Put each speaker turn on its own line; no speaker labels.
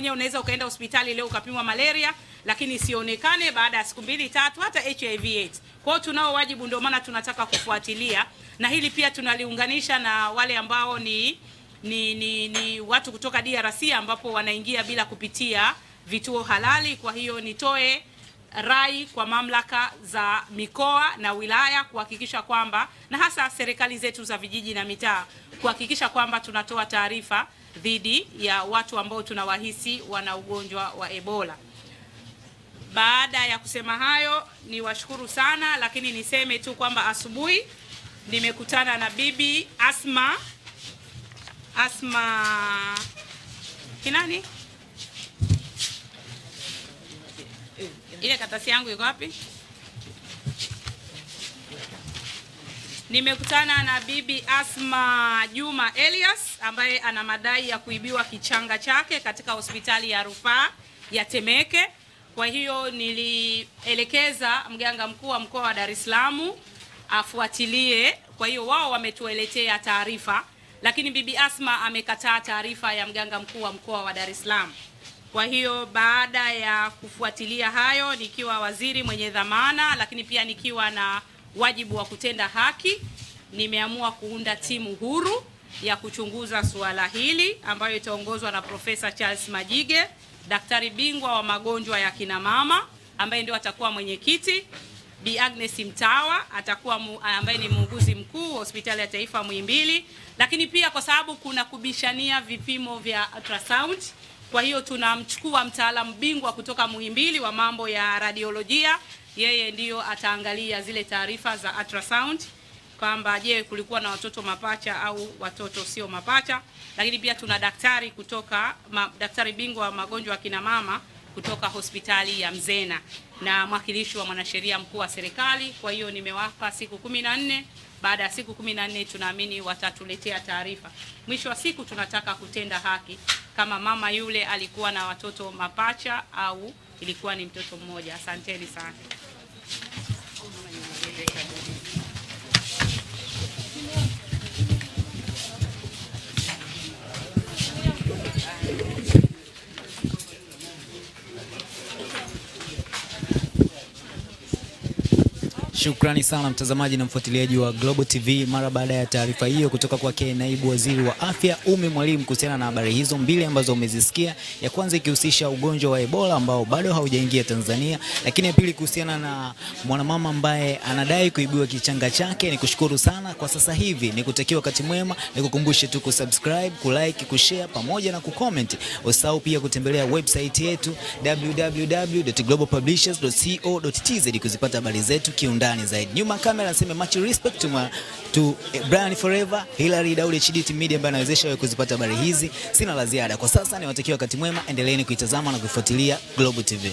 mwenyewe unaweza ukaenda hospitali leo ukapimwa malaria, lakini isionekane baada ya siku mbili tatu, hata HIV AIDS. Kwa hiyo tunao wajibu, ndio maana tunataka kufuatilia, na hili pia tunaliunganisha na wale ambao ni ni, ni, ni watu kutoka DRC ambapo wanaingia bila kupitia vituo halali. Kwa hiyo nitoe rai kwa mamlaka za mikoa na wilaya kuhakikisha kwamba na hasa serikali zetu za vijiji na mitaa kuhakikisha kwamba tunatoa taarifa dhidi ya watu ambao tunawahisi wana ugonjwa wa Ebola. Baada ya kusema hayo, ni washukuru sana, lakini niseme tu kwamba asubuhi nimekutana na Bibi Asma Asma kinani Ile karatasi yangu iko wapi? Nimekutana na Bibi Asma Juma Elias ambaye ana madai ya kuibiwa kichanga chake katika hospitali ya rufaa ya Temeke. Kwa hiyo nilielekeza mganga mkuu wa mkoa wa Dar es Salaam afuatilie. Kwa hiyo wao wametueletea taarifa, lakini Bibi Asma amekataa taarifa ya mganga mkuu wa mkoa wa Dar es Salaam. Kwa hiyo baada ya kufuatilia hayo, nikiwa waziri mwenye dhamana, lakini pia nikiwa na wajibu wa kutenda haki, nimeamua kuunda timu huru ya kuchunguza suala hili ambayo itaongozwa na Profesa Charles Majige, daktari bingwa wa magonjwa ya kina mama, ambaye ndio atakuwa mwenyekiti. Bi Agnes Mtawa atakuwa mu, ambaye ni muuguzi mkuu hospitali ya taifa Muhimbili, lakini pia kwa sababu kuna kubishania vipimo vya ultrasound kwa hiyo tunamchukua mtaalamu bingwa kutoka Muhimbili wa mambo ya radiolojia, yeye ndiyo ataangalia zile taarifa za ultrasound kwamba je, kulikuwa na watoto mapacha au watoto sio mapacha. Lakini pia tuna daktari kutoka ma, daktari bingwa wa magonjwa ya kina mama kutoka hospitali ya Mzena na mwakilishi wa mwanasheria mkuu wa serikali. Kwa hiyo nimewapa siku kumi na nne. Baada ya siku kumi na nne tunaamini watatuletea taarifa. Mwisho wa siku tunataka kutenda haki kama mama yule alikuwa na watoto mapacha au ilikuwa ni mtoto mmoja. Asanteni sana.
Shukrani sana mtazamaji na mfuatiliaji wa Global TV. Mara baada ya taarifa hiyo kutoka kwake naibu waziri wa afya umi Mwalimu kuhusiana na habari hizo mbili ambazo umezisikia, ya kwanza ikihusisha ugonjwa wa Ebola ambao bado haujaingia Tanzania, lakini ya pili kuhusiana na mwanamama ambaye anadai kuibiwa kichanga chake. Ni kushukuru sana kwa sasa hivi, ni kutakia wakati mwema, ni kukumbushe tu kusubscribe, kulike, kushare pamoja na kucomment. Usahau pia kutembelea website yetu www.globalpublishers.co.tz kuzipata habari zetu kiundani undani zaidi. Nyuma kamera nasema much respect to, ma, to eh, Brian Forever, Hillary Daudi, HDT Media ambaye anawezesha wewe kuzipata habari hizi. Sina la ziada kwa sasa, niwatakia wakati mwema, endeleeni kuitazama na kuifuatilia Global TV.